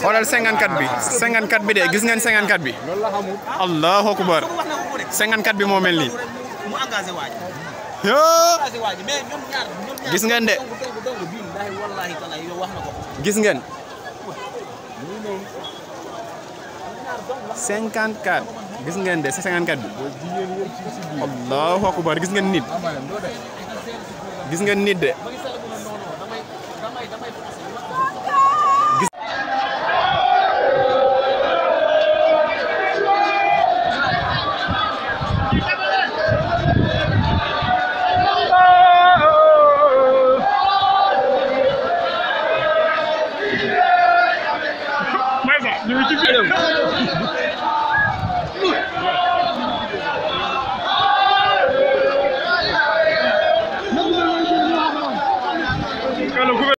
xoolal 54 bi 54 bi de gis ngeen 54 bi allahu akbar 54 bi momen mel Yo. gis ngeen de gis ngeen 54 gis ngeen de 54 bi allahu akbar gis ngeen nit gis nit de Lütfen.